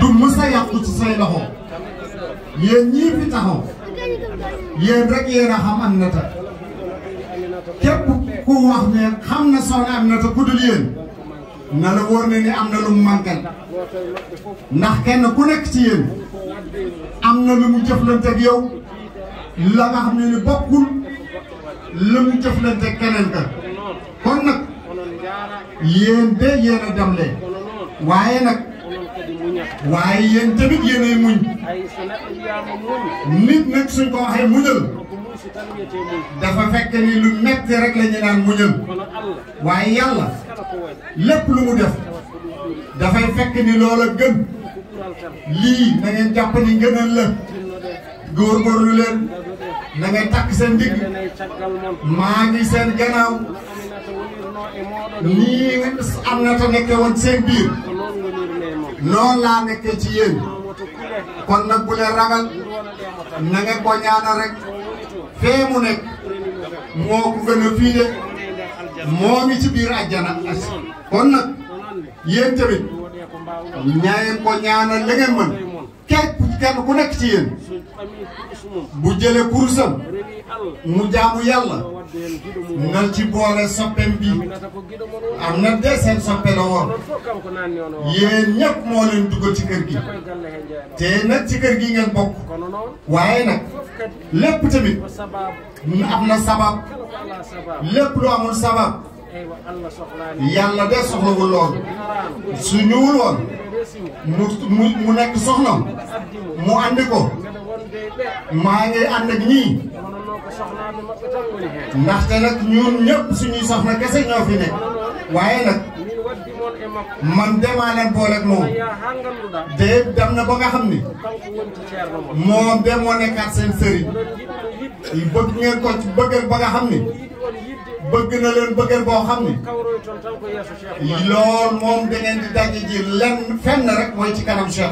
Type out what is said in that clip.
du mës a yàqu ci say loxo yéen ñii fi taxaw yéen rek yéen a xam Aminata képp ku wax ne xam na soxna Aminata ku dul yéen na la wóor ne ni am na lu mu mànkal ndax kenn ku nekk ci yéen am na lu mu jëflanteeg yow la nga xam ne ni bokkul lu mu jëflanteeg keneen ka kon nag yéen de yéen a demle waaye nag. waaye yéen tamit yéenay muñ. nit nag suñ ko waxee muñal. dafa fekk ni lu metti rek la ñu naan muñal. waaye yàlla lépp lu mu def. dafay fekk ni loola gën. lii na ngeen jàpp ni gënal la. góorgóorlu leen. na takk seen digg. maa ngi seen gannaaw. E nii am na te nekke seen biir. noonu laa nekkee ci yéen kon nag bu leen ragal ko ñaanal rek fee mu nekk moo ko gën a fii ci biir àjjana kon nag yéen tamit ñaayeen ko ñaanal la ngeen mën képp kenn ku nekk ci yéen bu jëlee kurusam mu jaamu yàlla. nan ci boole soppeem bi am na de seen soppe la woon yéen ñëpp moo leen dugal ci kër gi te nag ci kër gi ngeen bokk waaye nag lépp tamit am na sabab lépp lu amul sabab yàlla de soxlawul lool su ñëwul woon mu mu mu nekk soxnam mu andi ko maa ngi ànd ak ñii. ndaxte nak ñun ñëpp suñuy soxna kese ñoo fi nekk waaye nak man demaa leen booleeg moom te dem na ba nga xam ni moom de moo nekkaat seen sëriñ bëgg ngeen ko ci bëggal ba nga xam ni bëgg na leen bëggal boo xam ni lool moom da ngeen di daje ji lenn fenn rek mooy ci kanam Cheikh.